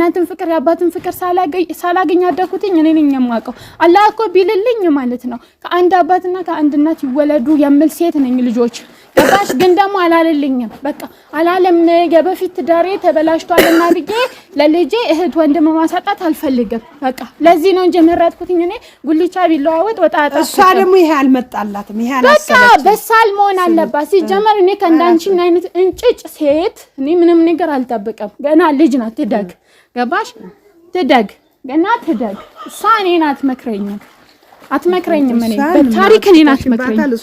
የእናትን ፍቅር የአባትን ፍቅር ሳላገኝ ያደኩትኝ እኔ ነኝ የማውቀው። አላህ እኮ ቢልልኝ ማለት ነው ከአንድ አባትና ከአንድ እናት ይወለዱ የምል ሴት ነኝ። ልጆች ገባሽ? ግን ደግሞ አላለልኝም። በቃ አላለም። የበፊት ትዳሬ ተበላሽቷልና ብዬ ለልጄ እህት ወንድም ማሳጣት አልፈልግም። በቃ ለዚህ ነው እንጂ የመረጥኩትኝ እኔ ጉልቻ ቢለዋወጥ ወጣጣ። እሷ ደግሞ ይሄ አልመጣላትም። ይሄ በቃ በሳል መሆን አለባት። ሲጀመር እኔ ከእንዳንቺ አይነት እንጭጭ ሴት እኔ ምንም ነገር አልጠብቅም። ገና ልጅ ናት ትደግ ገባሽ? ትደግ እና ትደግ። እሷ እኔን አትመክረኝም አትመክረኝም እኔ በታሪክ እኔን አትመክረኝም።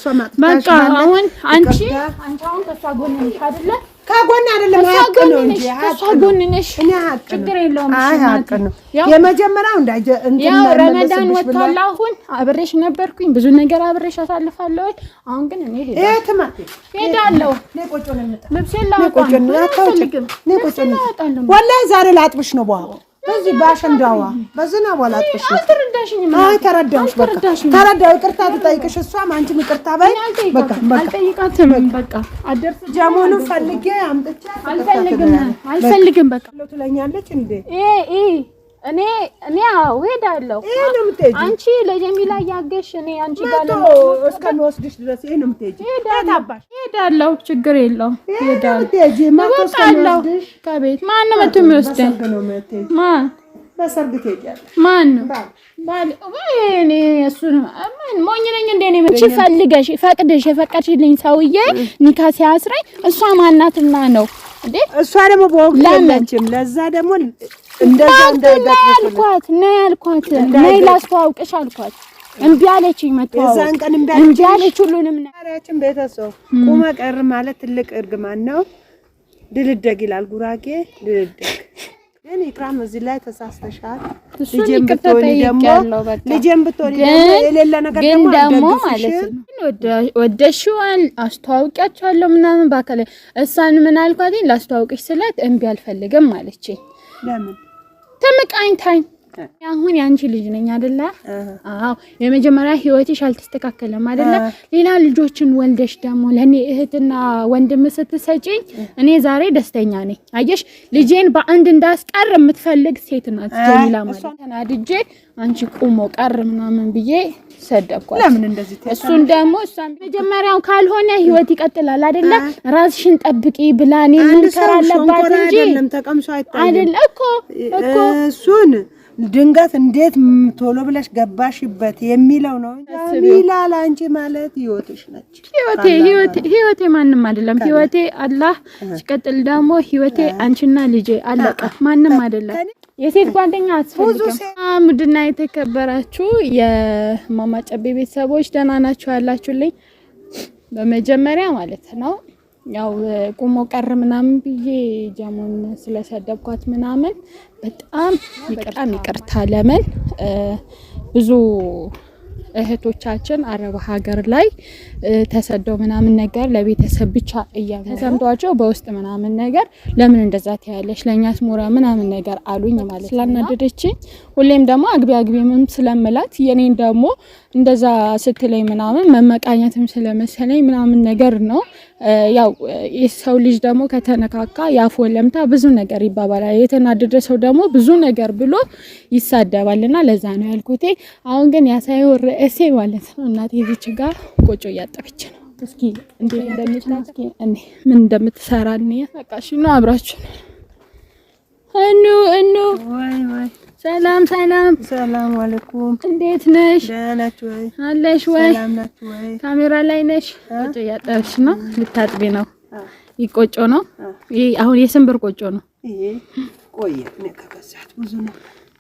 በቃ አሁን አንቺ አንቺ አሁን ከእሷ ጎን ነሽ አይደለ ከጎን አይደለም ሀቅ ነው እንጂ ችግር የለውም። የመጀመሪያው ያው ረመዳን ወጥቷል። አሁን አብሬሽ ነበርኩኝ ብዙ ነገር አብሬሽ አሳልፋለሁ። አሁን ግን እኔ ሄዳለሁ። ወላሂ ዛሬ ላጥብሽ ነው በኋላ በዚህ ባሸንዳዋ በዝናብ አላጥቅሽ አልተረዳሽኝም። አይ ተረዳሁሽ፣ በቃ ተረዳሁ። ይቅርታ ትጠይቅሽ እሷም አንቺም ይቅርታ በይ። በቃ አልጠይቃትም። በቃ አደርስ ጀሞኑ ፈልጌ አምጥቼ አልፈልግም፣ አልፈልግም። በቃ ትለኛለች እንዴ? እኔ እኔ አዎ እሄዳለሁ። አንቺ ለጀሚላ እያገሽ እኔ አንቺ ጋር እስከሚወስድሽ ድረስ ይሄ ነው የምትሄጂው። እሄዳለሁ፣ ችግር የለውም። እወጣለሁ ከቤት ማን ነው መቶ የሚወስደኝ? ማን በሰርግ ትሄጃለሽ? ማን ነው እኔ እሱን ምን ሞኝ ነኝ እንደ እኔ አንቺ ፈልገሽ ፈቅድሽ የፈቀድሽልኝ ሰውዬ ኒካ ሲያስረኝ እሷ ማናትና ነው እንዴ? እሷ ደግሞ በወቅቱ ለዛ ደግሞ እንደዛ እንዳይጋጥምሽ አልኳት። ነይ አልኳት፣ ነይ ላስተዋውቅሽ አልኳት። እምቢ አለችኝ። መተዋወቅ እምቢ አለች። ሁሉንም ነገራችን ቤተሰብ ቁመ ቀር ማለት ትልቅ እርግማን ነው። ድልደግ ይላል ጉራጌ። ድልደግ ግን ኢክራም እዚህ ላይ ተሳስተሻል። ልጄን ብትሆኒ ደግሞ ልጄን ብትሆኒ የሌለ ነገር ደግሞ ደግሞ ማለት ነው ወደሽዋን አስተዋውቂያቸዋለሁ ምናምን ባከለ እሳን ምን አልኳት ላስተዋውቅሽ ስላት እምቢ አልፈልግም አለችኝ። ለምን ተመቃኝታኝ አሁን የአንቺ ልጅ ነኝ አደለ? አዎ የመጀመሪያ ህይወትሽ አልተስተካከለም አደለ? ሌላ ልጆችን ወልደሽ ደግሞ ለእኔ እህትና ወንድም ስትሰጪኝ እኔ ዛሬ ደስተኛ ነኝ። አየሽ ልጄን በአንድ እንዳስቀር የምትፈልግ ሴት ናት ጀሚላ ማለት ተናድጄ አንቺ ቁሞ ቀር ምናምን ብዬ ሰደብኳት። ለምን እንደዚህ ተሰማ? እሱን ደግሞ እሷን መጀመሪያው ካልሆነ ህይወት ይቀጥላል አይደለ? ራስሽን ጠብቂ ብላ እኔ ምን ተራለባት እንጂ አይደለም ተቀምሶ አይታይም አይደል እኮ እኮ እሱን ድንገት እንዴት ቶሎ ብለሽ ገባሽበት የሚለው ነው። ሚላል አንቺ ማለት ህይወትሽ ነች። ህይወቴ ህይወቴ ማንም አይደለም። ህይወቴ አላህ ሲቀጥል ደግሞ ህይወቴ አንቺና ልጄ አለቀ። ማንም አይደለም። የሴት ጓደኛ አስፈልግም። ውድና የተከበራችሁ የማማ ጨቤ ቤተሰቦች ደህና ናችሁ ያላችሁልኝ? በመጀመሪያ ማለት ነው ያው ቁሞ ቀር ምናምን ብዬ ጀሙን ስለሰደብኳት ምናምን በጣም በጣም ይቅርታ ለምን ብዙ እህቶቻችን አረብ ሀገር ላይ ተሰደው ምናምን ነገር ለቤተሰብ ብቻ እያ ተሰምቷቸው በውስጥ ምናምን ነገር ለምን እንደዛ ትያለሽ ለእኛስ ሞራ ምናምን ነገር አሉኝ ማለት ስላናደደችኝ፣ ሁሌም ደግሞ አግቢ አግቢምም ስለምላት የኔን ደግሞ እንደዛ ስትለኝ ምናምን መመቃኘትም ስለመሰለኝ ምናምን ነገር ነው። ያው የሰው ልጅ ደግሞ ከተነካካ የአፍ ወለምታ ብዙ ነገር ይባባላል። የተናደደ ሰው ደግሞ ብዙ ነገር ብሎ ይሳደባልና ለዛ ነው ያልኩቴ። አሁን ግን ያሳይወር እሴ ማለት ነው። እናቴ እዚች ጋር ቆጮ እያጠበች ነው። እስኪ እንዴት እስኪ እኔ ምን እንደምትሰራ እኔ በቃ ነው። አብራችሁ እኑ እኑ ሰላም ሰላም ሰላም አለኩም። እንዴት ነሽ? ወይ አለሽ ወይ? ካሜራ ላይ ነሽ? ቆጮ እያጠብሽ ነው። ልታጥቢ ነው? ይህ ቆጮ ነው። ይህ አሁን የስንብር ቆጮ ነው። ይሄ ቆየ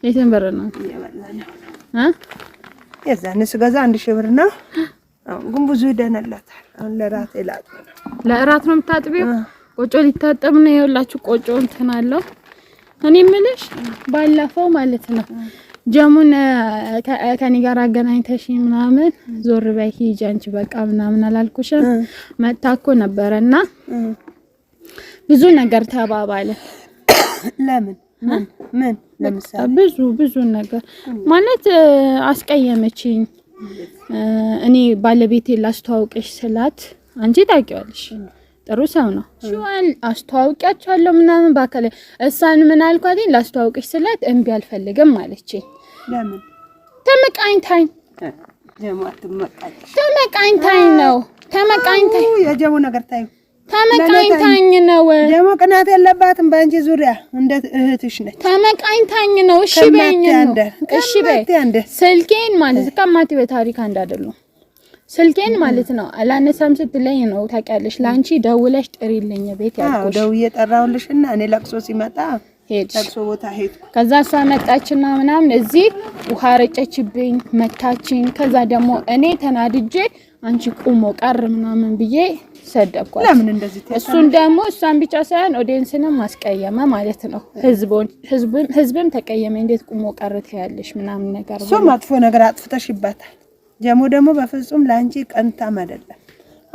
የስንብር ነው የዛን ስገዛ አንድ ሺህ ብር ነው። ግን ብዙ ይደነላታል። አሁን ለራት ይላል ለራት ነው የምታጥቢው። ቆጮ ሊታጠብ ነው። ይኸውላችሁ ቆጮ እንትን አለው። እኔ የምልሽ ባለፈው ማለት ነው ጀሙን ከኔ ጋር አገናኝተሽ ምናምን ዞር በይ ሂጂ አንቺ በቃ ምናምን አላልኩሽም? መታ እኮ ነበረና ብዙ ነገር ተባባለ። ለምን ምን ለምሳሌ ብዙ ብዙ ነገር ማለት አስቀየመችኝ። እኔ ባለቤቴ ላስተዋውቀሽ ስላት አንቺ ታውቂዋለሽ ጥሩ ሰው ነው ሽዋል አስተዋውቂያቸዋለሁ ምናምን ባከለ እሳን ምን አልኳት ላስተዋውቅሽ ስላት እምቢ አልፈልግም አለችኝ። ለምን ተመቃኝታኝ ተመቃኝታኝ ነው ተመቃኝታኝ የጀቡ ነገር ታዩ ተመቃኝታኝ ነው ደግሞ ቅናት የለባትም። በአንቺ ዙሪያ እንደ እህትሽ ነች። ተመቃኝታኝ ነው። እሺ በይኝ ነው እሺ በይ። ስልኬን ማለት ቀማቲ በታሪክ አንድ አይደሉም። ስልኬን ማለት ነው አላነሳም ስትለኝ ነው ታውቂያለሽ። ለአንቺ ደውለሽ ጥሪልኝ ቤት ያልኩሽ ደውዬ እና እኔ ለቅሶ ሲመጣ ሄድሽ ለቅሶ ቦታ ሄድኩ። ከዛ እሷ መጣችና ምናምን እዚህ ውሃ ረጨችብኝ፣ መታችኝ። ከዛ ደግሞ እኔ ተናድጄ አንቺ ቁሞ ቀር ምናምን ብዬ ሰደብኳት። ለምን እንደዚህ? እሱን ደግሞ እሷን ብቻ ሳይሆን ኦዲየንስንም ማስቀየመ ማለት ነው። ህዝብም ተቀየመ። እንዴት ቁሞ ቀርት ያለሽ ምናምን ነገር እሱ መጥፎ ነገር አጥፍተሽ ይባታል። ጀሞ ደግሞ በፍጹም ለአንቺ ቀንታም አይደለም።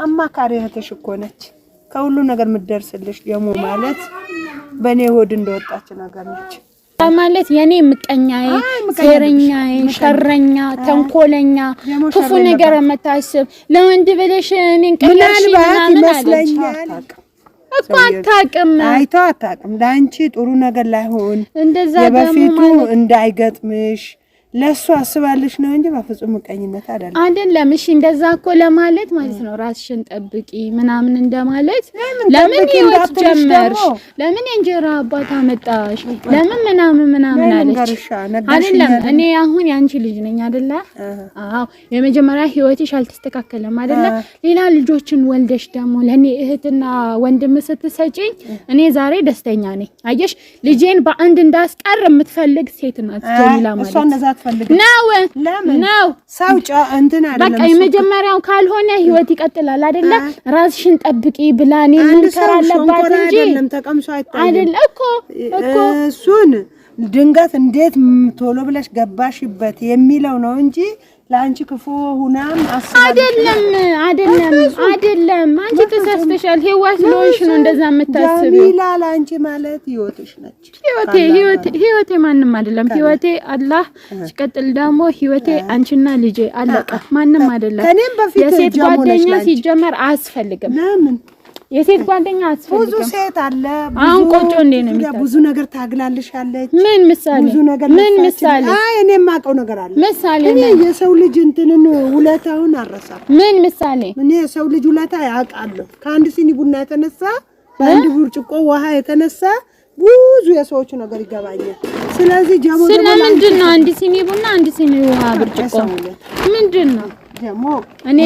አማካሪ እህትሽ እኮ ነች። ከሁሉ ነገር የምትደርስልሽ ጀሞ ማለት በእኔ ሆድ እንደወጣች ነገር ነች። ማለት የኔ ምቀኛዬ፣ ሴረኛዬ፣ ሸረኛ፣ ተንኮለኛ፣ ክፉ ነገር የምታስብ ለወንድ ብለሽ እኔን ቀለሽ ምናምን አለች እኮ አታውቅም። አይተው አታውቅም። ለአንቺ ጥሩ ነገር ላይሆን እንደዛ በፊቱ እንዳይገጥምሽ ለእሱ አስባለች ነው እንጂ በፍጹም ምቀኝነት አይደለም። አይደለም። እሺ እንደዛ እኮ ለማለት ማለት ነው ራስሽን ጠብቂ ምናምን እንደማለት። ለምን ህይወት ጀመርሽ? ለምን የእንጀራ አባት አመጣሽ? ለምን ምናምን ምናምን አለች። አይደለም እኔ አሁን የአንቺ ልጅ ነኝ አይደለ? አዎ የመጀመሪያ ህይወትሽ አልተስተካከለም አይደለ? ሌላ ልጆችን ወልደሽ ደግሞ ለእኔ እህትና ወንድም ስትሰጪኝ እኔ ዛሬ ደስተኛ ነኝ። አየሽ ልጄን በአንድ እንዳስቀር የምትፈልግ ሴት ናት ጀሚላ ማለት አትፈልግም ነው ነው ሰው እንትን አይደለም። በቃ የመጀመሪያው ካልሆነ ህይወት ይቀጥላል አይደለ? ራስሽን ጠብቂ ብላኔ ምን ተራለባት እንጂ አይደለም ተቀምሶ አይታለም እኮ እኮ እሱን ድንገት እንዴት ቶሎ ብለሽ ገባሽበት የሚለው ነው እንጂ ለአንቺ ክፉ ሁናም አይደለም፣ አይደለም፣ አይደለም። አንቺ ተሳስተሻል። ህይወት ስለሆንሽ ነው እንደዛ የምታስብ። ጀሚላ ለአንቺ ማለት ህይወትሽ ነች። ህይወቴ ህይወቴ ህይወቴ ማንም አይደለም። ህይወቴ አላህ ሲቀጥል ደግሞ ህይወቴ አንቺና ልጄ አለቀ። ማንም አይደለም። የሴት ጓደኛ ሲጀመር አያስፈልግም። የሴት ጓደኛ አስፈልግም። ብዙ ሴት አለ። አሁን ቆጮ እንዴ ነው የሚታ ብዙ ነገር ታግላልሽ ታግላልሻለች። ምን ምሳሌ ብዙ ነገር ምን ምሳሌ? አይ እኔ የማውቀው ነገር አለ። ምሳሌ እኔ የሰው ልጅ እንትንን ውለታውን አረሳ። ምን ምሳሌ? እኔ የሰው ልጅ ውለታ ያውቃለሁ። ከአንድ ሲኒ ቡና የተነሳ በአንድ ብርጭቆ ውሃ የተነሳ ብዙ የሰዎች ነገር ይገባኛል። ስለዚህ ጀሞ ስለምንድን ነው አንድ ሲኒ ቡና አንድ ሲኒ ውሃ ብርጭቆ ምንድን ነው? ደግሞ እኔ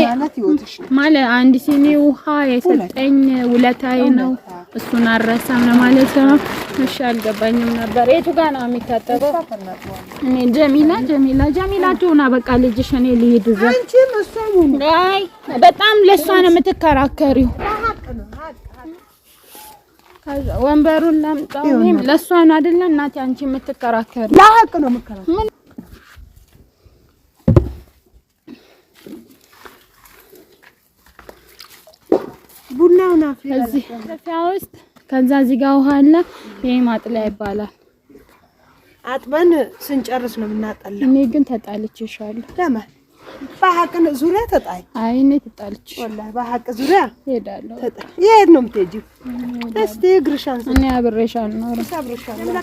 ማለት አንድ ሲኒ ውሃ የሰጠኝ ውለታዬ ነው። እሱን አረሳም ለማለት ነው። እሺ አልገባኝም ነበር። የቱ ጋር ነው የሚታጠበው? እኔ ጀሚላ ጀሚላ ጀሚላ ትሆና በቃ ልጅሽ። እኔ ልሂድ እዛ። በጣም ለእሷ ነው የምትከራከሪው። ወንበሩን ላምጣው። ለእሷ ነው አይደለ እናቴ አንቺ የምትከራከሪው? ለሀቅ ነው የምከራከሪው ቡናውን እዚህ ከፊያ ውስጥ ከዛ እዚህ ጋር ውሃ አለ። ይሄ ማጥለያ ይባላል። አጥበን ስንጨርስ ነው የምናጠላው። እኔ ግን ተጣልቼሻለሁ። ለማን በሀቅ ዙሪያ ተጣይ? አይ እኔ ተጣልቼሽ ወላሂ። በሀቅ ዙሪያ እሄዳለሁ። የት ነው የምትሄጂው? እስቲ እግርሻን እኔ አብሬሽ አልኖርም።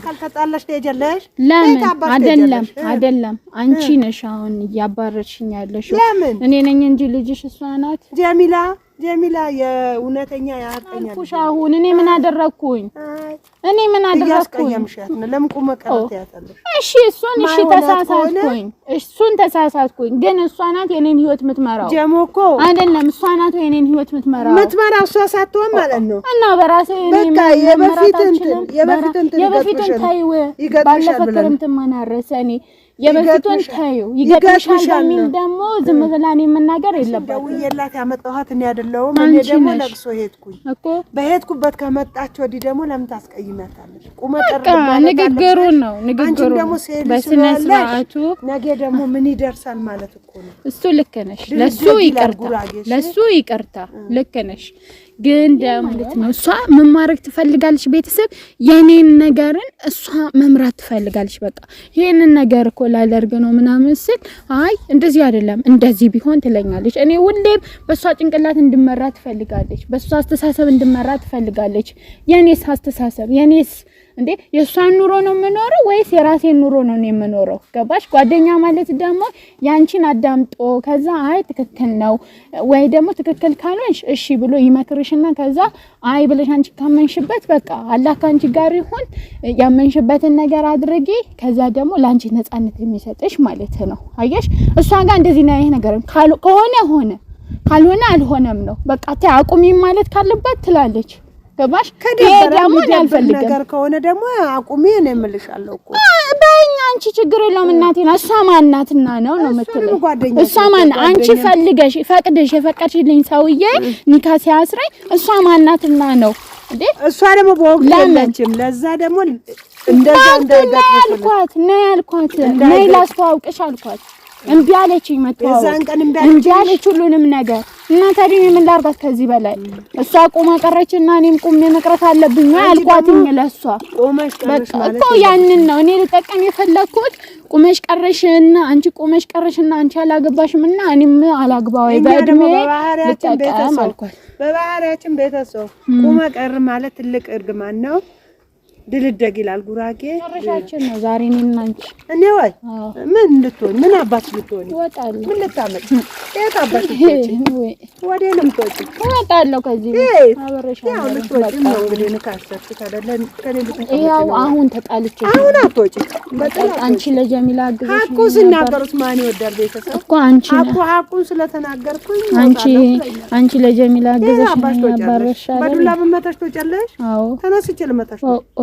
ካልተጣላሽ ትሄጃለሽ። ለምን አይደለም፣ አይደለም አንቺ ነሽ አሁን እያባረርሽኝ ያለሽው። ለምን እኔ ነኝ እንጂ ልጅሽ እሷ ናት ጀሚላ ጀሚላ የእውነተኛ ያቀኛ አልኩሽ። አሁን እኔ ምን አደረግኩኝ? እኔ ምን አደረግኩኝ? ለምን ቁመ ቀረት እሺ እሱን እሺ፣ ተሳሳትኩኝ። እሱን ተሳሳትኩኝ፣ ግን እሷ ናት የኔን ህይወት የምትመራው። ጀሞ እኮ አይደለም፣ እሷ ናት የኔን ህይወት የምትመራው የምትመራው እሷ ሳትሆን ማለት ነው። እና በራሴ በቃ የበፊት እንትን የበፊት እንትን ይገጥምሻል። ባለፈ ክረምት ማናረሰ የበፊቱን ታዩ ይገጥምሻል በሚል ደሞ ዝም ብላ እኔ የምናገር የለባትም። ደውዬላት ያመጣኋት እኔ አይደለሁም። እኔ ደግሞ ለቅሶ ሄድኩኝ እኮ በሄድኩበት ከመጣች ወዲህ ደግሞ ለምን ታስቀይመታለች? በቃ ንግግሩ ነው ንግግሩ በስነ ስርዓቱ። ነገ ደግሞ ምን ይደርሳል ማለት እኮ ነው። እሱ ልክ ነሽ። ለሱ ይቅርታ ለሱ ይቅርታ። ልክ ነሽ ግን ማለት ነው እሷ ምን ማድረግ ትፈልጋለች? ቤተሰብ የኔን ነገርን እሷ መምራት ትፈልጋለች። በቃ ይህንን ነገር እኮ ላደርግ ነው ምናምን ስል አይ እንደዚህ አይደለም እንደዚህ ቢሆን ትለኛለች። እኔ ሁሌም በእሷ ጭንቅላት እንድመራ ትፈልጋለች። በእሷ አስተሳሰብ እንድመራ ትፈልጋለች። የኔስ አስተሳሰብ የኔስ እንዴ የእሷን ኑሮ ነው የምኖረው ወይስ የራሴን ኑሮ ነው የምኖረው? ገባሽ? ጓደኛ ማለት ደግሞ ያንቺን አዳምጦ ከዛ አይ ትክክል ነው ወይ ደግሞ ትክክል ካልሆንሽ እሺ ብሎ ይመክርሽና ከዛ አይ ብለሽ አንቺ ካመንሽበት በቃ አላህ ከአንቺ ጋር ይሁን፣ ያመንሽበትን ነገር አድርጊ። ከዛ ደግሞ ለአንቺ ነፃነት የሚሰጥሽ ማለት ነው። አየሽ? እሷ ጋር እንደዚህ ነው ይሄ ነገር ከሆነ ሆነ ካልሆነ አልሆነም ነው በቃ አቁሚ ማለት ካለባት ትላለች። ገባሽ? ደግሞ አልፈልግም ነገር ከሆነ ደግሞ አቁሜ እኔ እምልሻለሁ እኮ በይኝ። አንቺ ችግር የለውም እናቴና እሷ ማናትና ነው ነው የምትለው እሷ ማናት? አንቺ ፈልገሽ ፈቅድሽ የፈቀድሽልኝ ሰውዬ ኒካ ሲያስረኝ እሷ ማናትና ነው እንዴ? እሷ ደግሞ በወቅቱ የለችም። ለዛ ደግሞ እንደዛ እንዳይደርስ ነው ያልኳት። ነይ ላስተዋውቅሽ አልኳት እምቢ አለችኝ። መተዋወቅ እምቢ አለች ሁሉንም ነገር እና ታዲያ ምን ላርጋት ከዚህ በላይ? እሷ ቆማ ቀረችና እኔም ቆሜ መቅረት አለብኝ አልኳትኝ። ለእሷ እኮ ያንን ነው እኔ ልጠቀም የፈለግኩት። ቁመሽ ቀረሽና አንቺ ቁመሽ ቀረሽና አንቺ አላገባሽም እና እኔም አላግባ ወይ በእድሜ ልጠቀም አልኳት። በባህሪያችን ቤተሰብ ቁመ ቀር ማለት ትልቅ እርግማን ነው። ድልደግ ይላል ጉራጌ። ጨረሻችን ነው ዛሬ እኔና አንቺ። እኔ ወይ ምን ልትሆን ምን አባት ልትሆን ይወጣል። ምን ልታመጭ የት አባት ወዴት ነው የምትወጪው? እወጣለሁ ከዚህ ያው ልትወጪም ነው እንግዲህ ንካሰርት አይደለ ከኔ ያው አሁን ተጣልቼ አሁን አትወጪም። አንቺ ለጀሚላ አግዘሽ ሀቁን ስናገሩት ማን ይወዳል? ቤተሰብ እኮ አንቺ እኮ ሀቁን ስለተናገርኩኝ አንቺ አንቺ ለጀሚላ አግዘሽ ነው ያባረሻል። በዱላ መመታሽ ትወጫለሽ። ተነስቼ ልመታሽ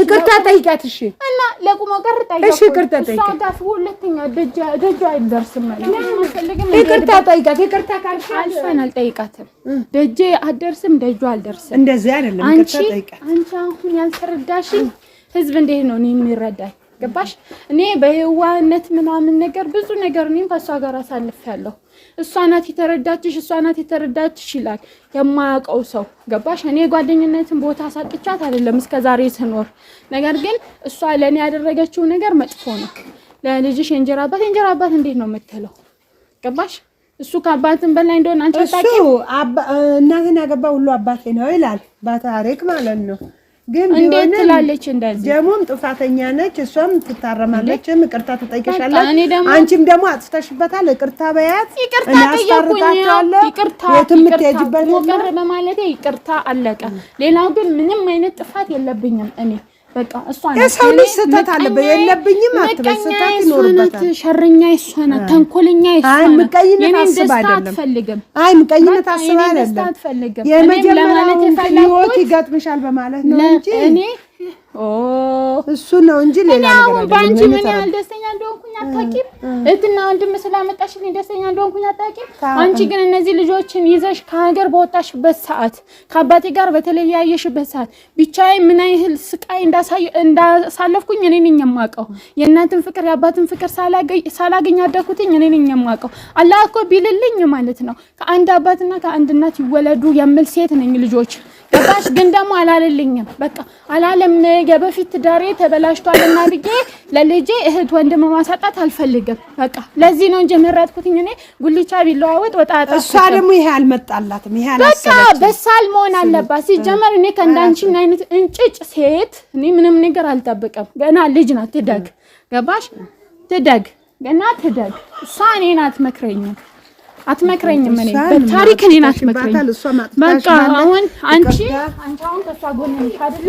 ይቅርታ ጠይቃት። እሺ እና ቀር ይቅርታ አይደርስም። ይቅርታ ይቅርታ ካልሽ አልፈን አልጠይቃትም። ደጄ አልደርስም። እንደዚህ አይደለም። አንቺ አንቺ አሁን ያልተረዳሽኝ ህዝብ እንዴት ነው እኔ የሚረዳኝ? ገባሽ? እኔ በህዋነት ምናምን ነገር ብዙ ነገር እኔም ከእሷ ጋር አሳልፌያለሁ። እሷ ናት የተረዳችሽ፣ እሷ ናት የተረዳችሽ ይላል የማያውቀው ሰው ገባሽ? እኔ ጓደኝነትን ቦታ ሳጥቻት አይደለም እስከ ዛሬ ስኖር። ነገር ግን እሷ ለእኔ ያደረገችው ነገር መጥፎ ነው። ለልጅሽ የእንጀራ አባት የእንጀራ አባት እንዴት ነው የምትለው? ገባሽ? እሱ ከአባትን በላይ እንደሆነ አንቺ ታቂ። እናትን ያገባ ሁሉ አባቴ ነው ይላል በታሪክ ማለት ነው። ግን እንዴት ትላለች እንደዚህ ደግሞም ጥፋተኛ ነች እሷም ትታረማለች ይቅርታ ትጠይቀሻለች አንቺም ደግሞ አጥፍተሽበታል ይቅርታ በያት ይቅርታ ጠየቁኛለሁ ይቅርታ በማለቴ ይቅርታ አለቀ ሌላው ግን ምንም አይነት ጥፋት የለብኝም እኔ የሰው ልጅ ስህተት አለበት። የለብኝም አትበል። ስህተት ይኖርበታል። ሸረኛ እሷ ናት፣ ተንኮለኛ እሷ ናት። ምቀኝነት አስባ አይደለም። አይ ምቀኝነት አስባ አይደለም። የመጀመሪያውን ህይወት ይገጥምሻል በማለት ነው እንጂ እሱ ነው እንጂ ሌላ ነገር አይደለም። ባንቺ ምን ያህል ደስተኛ እንደሆንኩኝ አታውቂም። እህትና ወንድም ስላመጣሽልኝ ደስተኛ እንደሆንኩኝ አታውቂም። አንቺ ግን እነዚህ ልጆችን ይዘሽ ከሀገር በወጣሽበት ሰዓት፣ ከአባቴ ጋር በተለያየሽበት ሰዓት ብቻዬ ምን ያህል ስቃይ እንዳሳለፍኩኝ እኔ ነኝ የማውቀው። የእናንትን ፍቅር የአባትን ፍቅር ሳላገኝ አደኩትኝ እኔ ነኝ የማውቀው። አላህ እኮ ቢልልኝ ማለት ነው ከአንድ አባትና ከአንድ እናት ይወለዱ የምል ሴት ነኝ። ልጆች ገባሽ? ግን ደግሞ አላለልኝም። በቃ አላለም የበፊት ትዳሬ ተበላሽቷልና ብዬ ለልጄ እህት ወንድም ማሳጣት አልፈልግም። በቃ ለዚህ ነው እንጂ የመረጥኩትኝ እኔ ጉልቻ ቢለዋወጥ ወጣ አጣ። እሷ ደግሞ ይሄ አልመጣላትም። ይሄ በቃ በሳል መሆን አለባት። ሲጀመር እኔ ከእንዳንቺ አይነት እንጭጭ ሴት እኔ ምንም ነገር አልጠብቅም። ገና ልጅ ናት፣ ትደግ። ገባሽ? ትደግ፣ ገና ትደግ። እሷ እኔ ናት መክረኝም አትመክረኝም እኔ በታሪክ እኔ ናት መክረኝ። በቃ አሁን አንቺ አንቺ አሁን ከእሷ ጎን ነሽ አይደለ?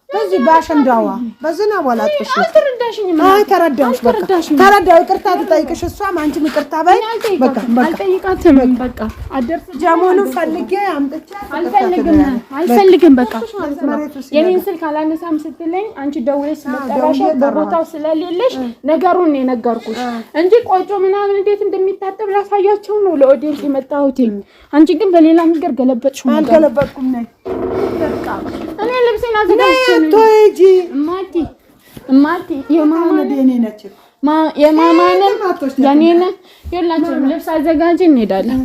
በዚህ በአሸንዳዋ በዝናብ አላጥቅሽ። አልተረዳሽኝም። አይ ተረዳሁሽ፣ በቃ ተረዳሁ። ይቅርታ ትጠይቅሽ፣ እሷም አንቺም ይቅርታ በይ። በቃ አልጠይቃትም። በቃ አደርስ ጀሙኑ ፈልጌ አምጥቼ አልፈልግም፣ በቃ የኔን ስልክ አላነሳም ስትለኝ አንቺ ደውለሽ ስለጠራሽ በቦታው ስለሌለሽ ነገሩን የነገርኩሽ እንጂ ቆጮ ምናምን እንዴት እንደሚታጠብ ላሳያቸው ነው ለኦዲየንስ የመጣሁት። አንቺ ግን በሌላ ነገር ገለበጥሽው። አልገለበጥኩም ነኝ በቃ እኔ ልብሴን ልብስ አዘጋጂ፣ እንሄዳለን።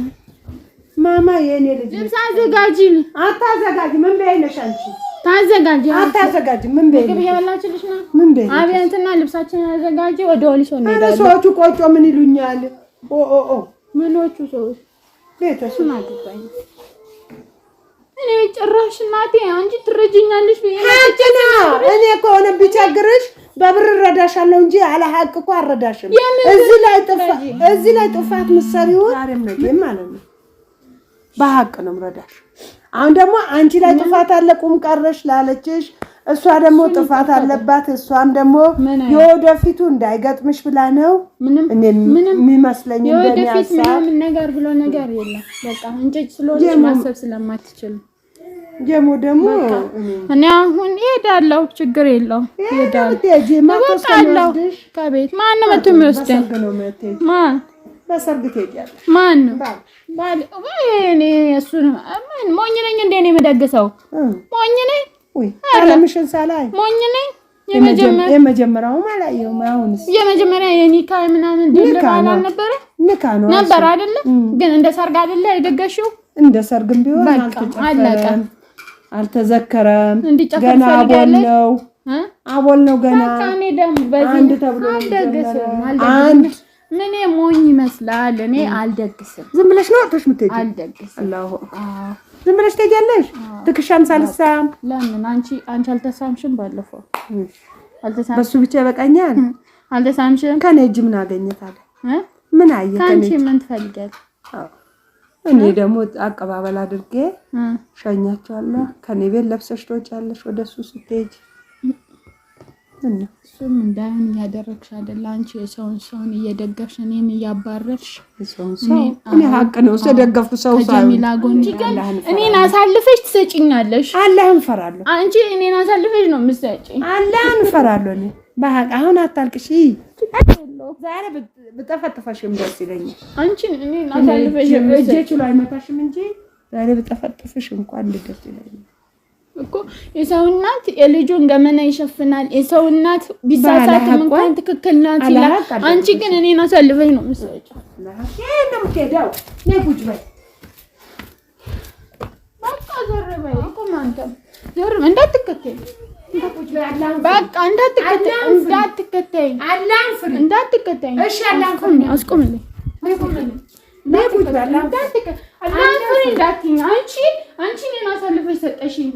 ማማ የኔ ልጅ ልብስ አዘጋጂ። አታዘጋጂ ምን በይ ነሽ አንቺ? ታዘጋጂ አታዘጋጂ ምን በይ? ምግብ የበላችልሽ ነው ምን በይ? አብያንትና ልብሳችንን አዘጋጂ። ወደ ወሊሶ እንሄዳለን። ሰዎቹ ቆጮ ምን ይሉኛል? ኦ ኦ ኦ ምኖቹ ሰዎች ቤተሰብ ጭራሽ እናቴ አንቺ ትረጅኛለሽ። ሀቅ ነው። እኔ ከሆነ ቢቸግርሽ በብር እረዳሻለሁ እንጂ አለ ሀቅ እኮ አልረዳሽም። እዚህ ላይ ጥፋት ምሰሪውን ማለት ነው። በሀቅ ነው ምረዳሽ። አሁን ደግሞ አንቺ ላይ ጥፋት አለ ቁም ቀረሽ ላለችሽ እሷ ደግሞ ጥፋት አለባት። እሷም ደግሞ የወደፊቱ እንዳይገጥምሽ ብላ ነው የሚመስለኝ። የወደፊት ነገር ብሎ ነገር የለም። በቃ እንጭጭ ስለሆነች ማሰብ ስለማትችል ጀሞ ደግሞ እኔ አሁን እሄዳለሁ፣ ችግር የለው እሄዳለሁ። እወጣለሁ ከቤት ማን ነው መቶ የሚወስደኝ? ማን ማን እሱ ምን ሞኝ ነኝ እንደ እኔ የምደግሰው ሞኝ ነኝ። ሞኝ ነኝ። የመጀመሪያው አላየሁም። አሁንስ የመጀመሪያ የኒካ ምናምን ድል አልነበረ ኒካ ነው ነበር አይደለ? ግን እንደ ሰርግ አይደለ የደገሽው? እንደ ሰርግም ቢሆን አልተጫፈ አልተዘከረም። ገና አቦል ነው አቦል ነው ገና አንድ ተብሎ አንድ ምን ሞኝ ይመስላል። እኔ አልደግስም። ዝም ብለሽ ነው አጥቶሽ ምትሄጂ? አልደግስም። አላሁ ዝም ብለሽ ትሄጃለሽ። ትክሻም ሳልሳም ለምን አንቺ አንቺ አልተሳምሽም? ባለፈው አልተሳምሽም። በሱ ብቻ ይበቃኛል። አልተሳምሽም። ከኔ እጅ ምን አገኘታለ? ምን አየ ከኔ ምን ትፈልጋለሽ? እኔ ደግሞ አቀባበል አድርጌ ሸኛቸዋለሁ። ከኔ ቤት ለብሰሽ ትወጫለሽ ወደ እሱ ስትሄጅ። እሱም እንዳይሆን እያደረግሽ አይደለ? አንቺ የሰውን ሰውን እየደገፍሽ እኔን እያባረርሽ። እኔ ሀቅ ነው ደገፍኩ ሰው ከጀሚላ ጎን እኔን አሳልፈሽ ትሰጭኛለሽ። አላህ እፈራለሁ። አንቺ እኔን አሳልፈሽ ነው የምትሰጪኝ። አላህ እፈራለሁ። እኔ በሀቅ አሁን አታልቅሽ ዛሬ ብጠፈጥፈሽም ደስ ይለኛል። አንቺን እኔ አሳልፈሽ እጄ ችሎ አይመታሽም እንጂ ዛሬ ብጠፈጥፍሽ እንኳን ደስ ይለኛል እኮ የሰው እናት የልጁን ገመና ይሸፍናል። የሰው እናት ቢሳሳት እንኳን ትክክል ናት ይላል። አንቺ ግን እኔን አሳልፈሽ ነው ነው የምትሰጪው። በቃ ዘር በይ እንዳትከተል በቃ እንዳትከተይኝ እንዳትከተይኝ አስቁምልኝ። አንቺ አንቺ እኔን አሳልፈሽ ሰጠሽኝ።